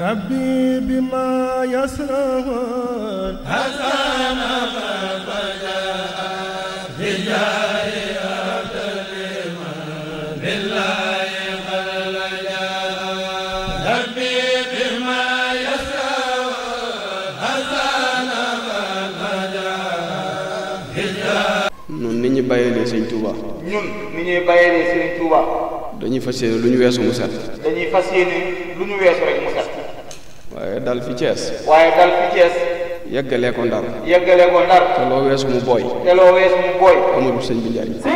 ربي بما يسرون هزم من فجاء بجاه noonu ni ñu bàyyeelee sëñ Touba. ñun ñuy bàyyeelee sëñ Touba. dañuy fas yéene lu ñu weesu mu set. dañuy fas yéene lu ñu weesu mu set. dal fi Thiès. waaye dal fi Thiès. yeggalee ko ndar. yeggalee ndar. te loo weesu mu booy. te loo weesu mu booy. amul sëñ bi njariñ.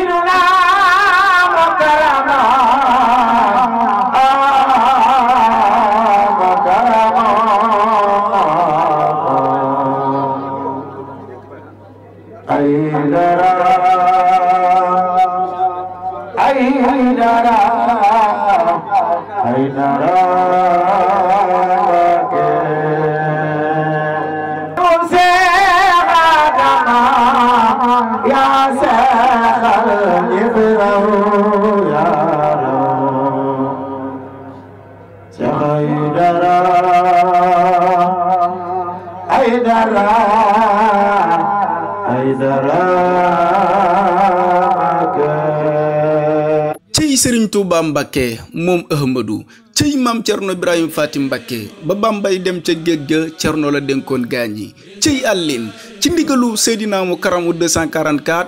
سخيدرا أيدرا أيدرا تي سرين توبا مبكي موم أحمدو cëy maam Cerno Ibrahima Fatim Mbakke ba Bambay dem ca géej ga Cerno la dénkoon gaañ yi cëy àllin ci ndigalu Seydina mu karamu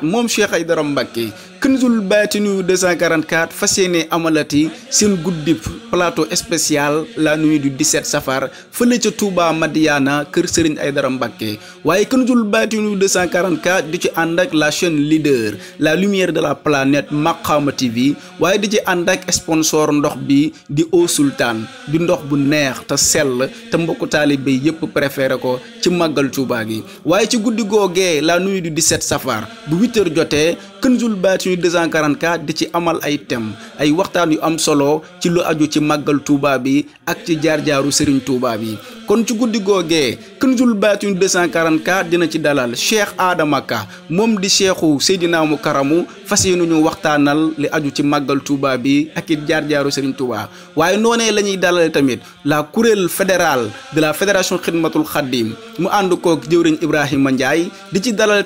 moom Cheikh Aydara Mbakke Kënzul Baatinu 244 fas yéene amalati seen guddi plateau spécial la nuit du 17 safar fële ca Touba Madiana kër Serigne dara Mbacké waaye Kënzul Baatinu 244 di ci ànd ak la chaîne leader la lumière de la planète Makhama bi waaye di ci ànd ak sponsor ndox bi di Eau Sultane di ndox bu neex te sell te mbokku taalibe yépp préféré ko ci màggal Touba gi waaye ci guddi googee la nuit du 17 safar bu 8 jotee. Kënzul Baatini 244 di ci amal ay thèmes ay waxtaan yu am solo ci lu aju ci màggal Touba bi ak ci jaar-jaaru Serigne Touba bi kon ci guddi googee Kënzul Baatini 244 dina ci dalal Cheikh Adama Ka moom di Cheikhu Seydina mu karamu fas yéene ñu waxtaanal li aju ci màggal Touba bi ak it jaar-jaaru Serigne Touba waaye noonee la ñuy dalal tamit la kuréel fédérale de la fédération Xidmatul Xaddim mu ànd koog jëwriñ Ibrahima Ndiaye di ci dalal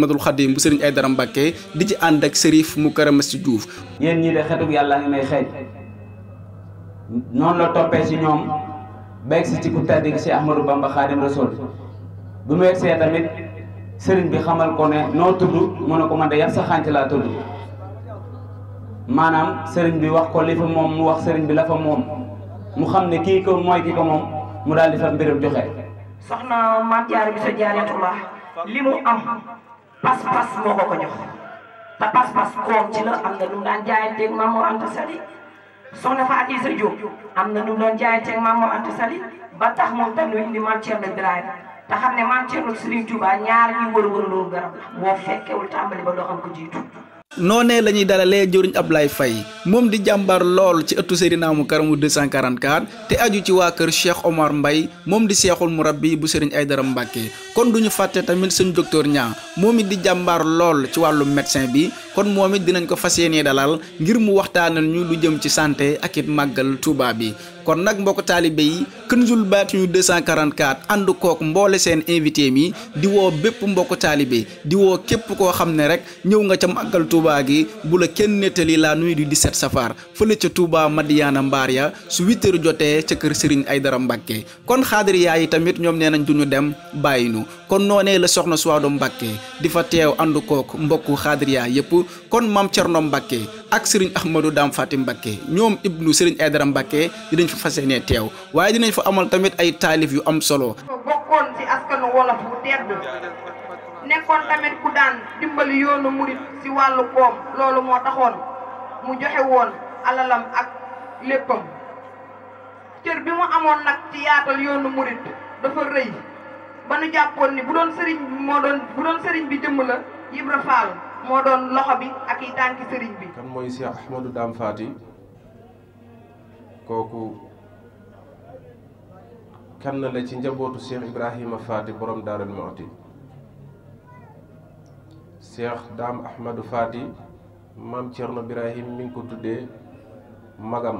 Ahmadul Xadim bu Serigne Aydara Mbacke di ci ànd ak Serif Mukaramasi Diouf. yéen ñii de xetug yàlla ngi may xeeñ noonu la toppee ci ñoom beeg si ci ku tedd si Ahmadou Bamba Xaadim Rasul bu mu egsee tamit sëriñ bi xamal ko ne noo tudd mu ne ko man de yar sa xànc laa tudd maanaam sëriñ bi wax ko li fa moom mu wax sëriñ bi la fa moom mu xam ne kii ko mooy moom mu daal di fa mbiram joxe. soxna Mame Diarra bi sa jaaree li mu am pas-pas moo ko ko ñox te pas-pas koom ci la am na lu daan jaayanteeg Maam Mor Anta Sali soxna Fatou Issa Diop am na lu doon jaayanteeg Maam Mor Anta Sali ba tax moom tam lu indi Maam Cerno Birahim te xam ne Maam Cerno Serigne Touba ñaar ñi wër-wër loolu garab la boo fekkewul tàmbali ba doo xam ko jiitu noonee la ñuy dalalee jëriñ ab Ablaye Faye moom di jàmbaar lool ci ëttu Serigne mu karamu 244 te aju ci waa kër Cheikh Omar mbay moom di seexul murabbi bu Serigne Aydara Mbàkke kon duñu fàtte tamit sëñ docteur ñaa moom it di jàmbaar lool ci wàllu médecin bi kon moom it dinañ ko fas yéenee dalal ngir mu waxtaanal ñu lu jëm ci santé ak it màggal Touba bi kon nag mbokk taalibe yi Kënzul Baatinu 244 ànd kook mboole seen invité mi di woo bépp mbokk taalibe di woo képp koo xam ne rek ñëw nga ca màggal Touba gi bu la kenn nettali la nuit du 17 safar fële ca Touba Madiana Mbaar ya su 8 heures jotee ca kër Serigne Aydara Mbàkke kon xaadir yaay yi tamit ñoom nee nañ du dem bàyyi ñu kon noonee la soxna Suwaado Mbàkke di fa teew ànd mbokk mbokku xaadiriya yépp kon maam Cerno Mbàkke ak sëriñ Ahmadou Dame Faty Mbàkke ñoom ibnu sëriñ Aydara Mbàkke dinañ fa fas yéene teew waaye dinañ fa amal tamit ay taalif yu am solo bokkoon ci askanu wolof bu tedd nekkoon tamit ku daan dimbali yoonu murit ci wàllu koom loolu moo taxoon mu joxe woon alalam ak léppam cër bi mu amoon nag ci yaatal yoonu murit dafa rëy ba nu jàppoon ni bu doon sëriñ bi moo doon bu doon sëriñ bi jëmm la Ibra Faal moo doon loxo bi ak i tànki sëriñ bi. kan mooy Cheikh Ahmadou Dame Faty kooku kenn la ci njabootu Cheikh Ibrahima boroom borom Darou Mouhty Cheikh Dame Ahmadou Faty maam Thierno Birahim mi ko tuddee magam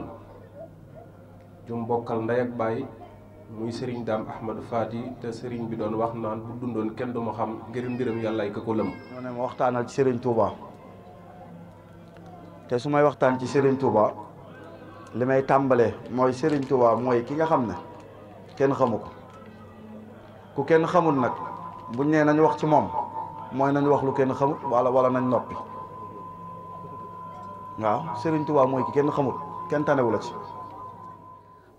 ju mbokkal ndey ak baay. muy sëriñ daam ahmadu faati te sëriñ bi doon wax naan bu dundoon kenn du ma xam ngir mbiram yàllaay ka ko lëm mu ne ma waxtaanal ci sëriñ Touba te su may waxtaan ci sëriñ Touba li may tàmbalee mooy sëriñ Touba mooy ki nga xam ne kenn xamu ko ku kenn xamul nag buñ nee nañ wax ci moom mooy nañu wax lu kenn xamut wala wala nañ noppi waaw sëriñ Touba mooy ki kenn xamul kenn tanewu la ci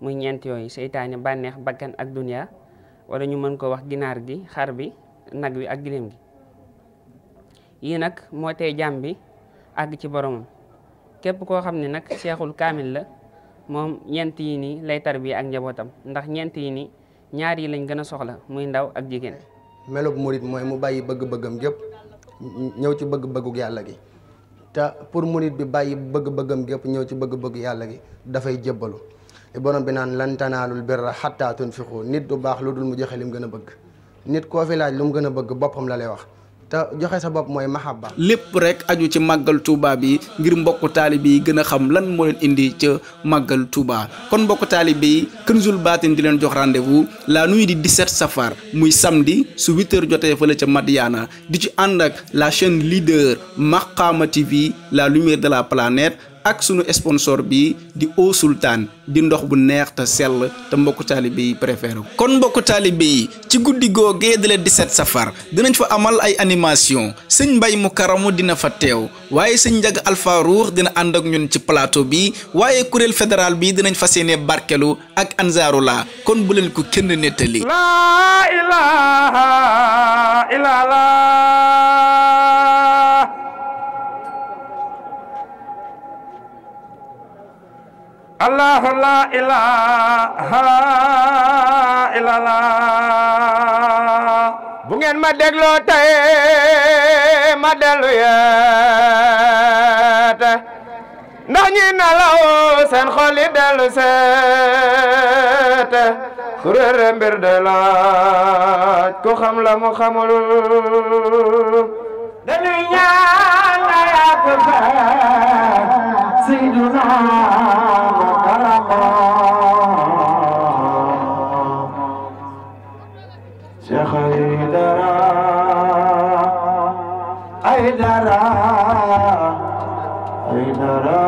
muy ñent yoy seytaane banex bakkan ak dunia wala ñu mën ko wax ginar gi xar bi nag wi ak gilem gi yi nak moo tee jaam bi àgg ci borom kep ko xamni nak nyari kamil la mom ñent yi ni lay tarbi ak njabotam ndax ñent yi ni ñaar yi lañu gëna soxla muy ndaw ak jigen melub murit moy mu bayyi bëgg-bëggam gépp ñew ci bëgg-bëggu yalla gi ta pour murit bi bayyi bëgg-bëggam gépp ñew ci bëgg-bëggu yalla gi fay E borom bi naan lan tanaalul birra xattaa tunfiqu nit du baax lu dul mu joxe lim gën a bëgg nit koo fi laaj lu mu gën a bëgg boppam la wax te joxe sa bopp mooy mahabba lépp rek aju ci màggal Touba bi ngir mbokku taalib yi gën a xam lan moo leen indi ca màggal Touba kon mbokku taalib yi Kënzul Baatin di leen jox rendez-vous la nuit di 17 safar muy samedi su 8h jotee fële ca Madiana di ci ànd ak la chaîne leader maqamati TV la lumière de la planète. ak sunu sponsor bi di Eau Sultane di ndox bu neex te sell te mbokku taalibe yi préféré kon mbokku taalibe yi ci guddi googee di la 17 safar dinañ fa amal ay animation sëñ Mbay mu karamu dina fa teew waaye sëñ Njaga Alfa Ruux dina ànd ak ñun ci plateau bi waaye kuréel fédéral bi dinañ fa yéene barkelu ak Ansaarullah kon bu leen ko kenn nettali laa ilaaha illallaah الله لا إله إلا الله ma dégloo tey ma dellu yeete ndax ñi nelaw seen xol yi dellu seete ku réere mbir laaj ku xam la mu xamul dara ay dara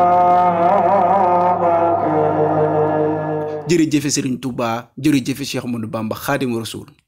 jërëjëf Serigne Touba jërëjëf Cheikh Ahmadou Bamba khadim rasoul